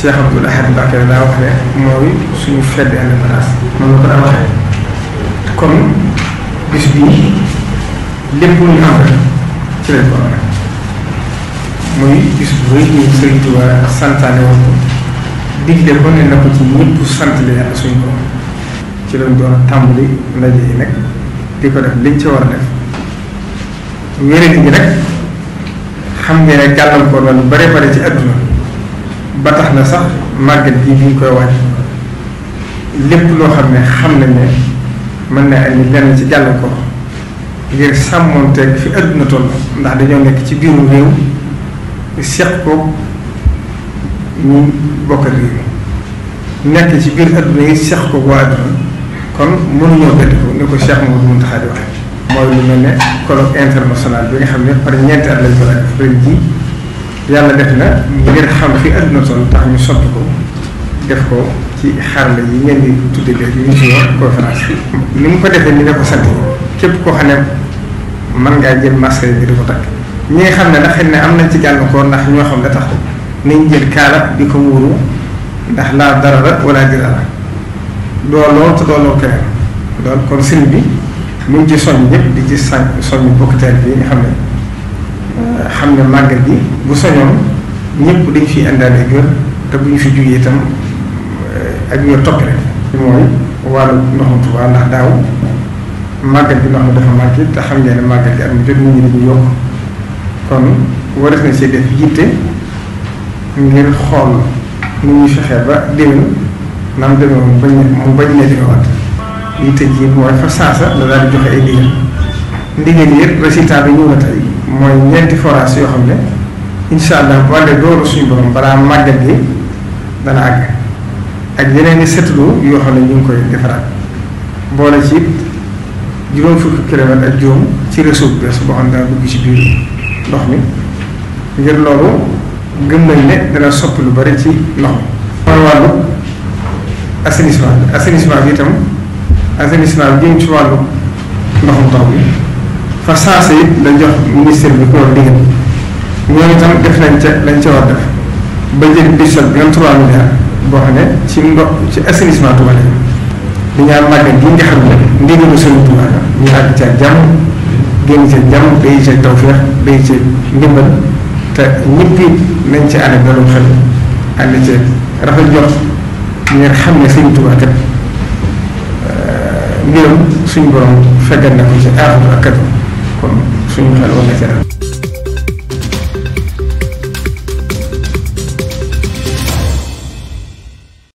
Cheikh Abdoul Ahad Mbacké daa wax ne mooy suñu fedd indépendance moom la ko daan waxee kon gis bii lépp lu ñu am rek ci lañ ko am rek ne na ko ci ñëpp sant la yàlla suñu ko ci lañ doon tàmbali ndaje yi nag di ko def liñ ci war a def wéradi gi nag xam ngeen ne gàllankoor la lu bare bare ci àdduna ba tax na sax màggal gi bi ñu koy wàcc lépp loo xam ne xam nañ ne mën na ak andi lenn ci jàll ko ngir sàmmoonteeg fi adduna toll ndax dañoo nekk ci biiru réew seq ko ñu bokk réew nekk ci biir adduna yi seq ko waa adduna kon mënuñoo bett ko ni ko Cheikh Mamadou Mountakha di waxee. mooy lu mel ne colloque international bi nga xam ne par ñeenti at lañ ko jii. yàlla def na ngeen xam fi àdduna toll tax ñu sotti ko def ko ci xarala yi ngeen di tudde léegi ñu ngi wax conférence ni mu ko defee ni nga ko sant képp ko xam ne mën ngaa jël masque bi di ko takk ñi nga xam ne na xëy ne am nañ ci gàllankoor ndax ñoo xam ne tax nañ jël kaala di ko muuru ndax laa dara la wala dirara doo lool te doo lool keneen loolu kon sëriñ bi mu ngi ci soññ ñëpp di ci sa soññ bokkitaal bi nga xam ne xam ne màggal gi bu sañoon ñëpp dañ fi indaale te bu ñu fi jugee itam eh, ak ñoo topp rek mooy wàllu ndoxum Tuubaa ndax daaw màggal gi ndox mi dafa manqué te xam ngeen ne màggal gi am na jot nit ñi dañuy yokk kon war nañ see def yitte ngir xool nu ñuy fexee ba déwén naam demee mu bañ mu bañ ne defewaat yitte ji mooy fa saasa la daal di joxe ay ndigal ndigal yëpp résultat bi ñëw na mooy ñeenti forage yoo xam ne incha allah bu àndee dooru suñu borom balaa màggal gi dana àgg ak yeneen i seetlu yoo xam ne ñu ngi koy defaraat boole ci juróom fukki kilomètre ak juróom ci réseau bu bees boo xam ne daa dugg ci biir ndox mi ngir loolu gëm nañ ne dana sopp lu bari ci ndox mi. mooy wàllu assainissement bi assainissement bi itam assainissement bi jëm ci wàllu ndoxum taw bi. fa saa sa it la jox ministère bi ko war digal itam def nañ ca lañ ca war def ba jël budget bi vingt trois boo xam ne ci ndox ci assainissement Touba la di ñaan màggal gi nga xam ne ndigalu Sëriñ ñu àgg ca jàmm génn ca jàmm bay ca tawfeex bay ca ndimbal te ñëpp it nañ ca ànd ak dalum xel ànd ca rafet jox ngeen xam ne Sëriñ Touba kat euh, mbiram suñu borom feggal na ko ci aafatu ak katu kon suñu xel wala ca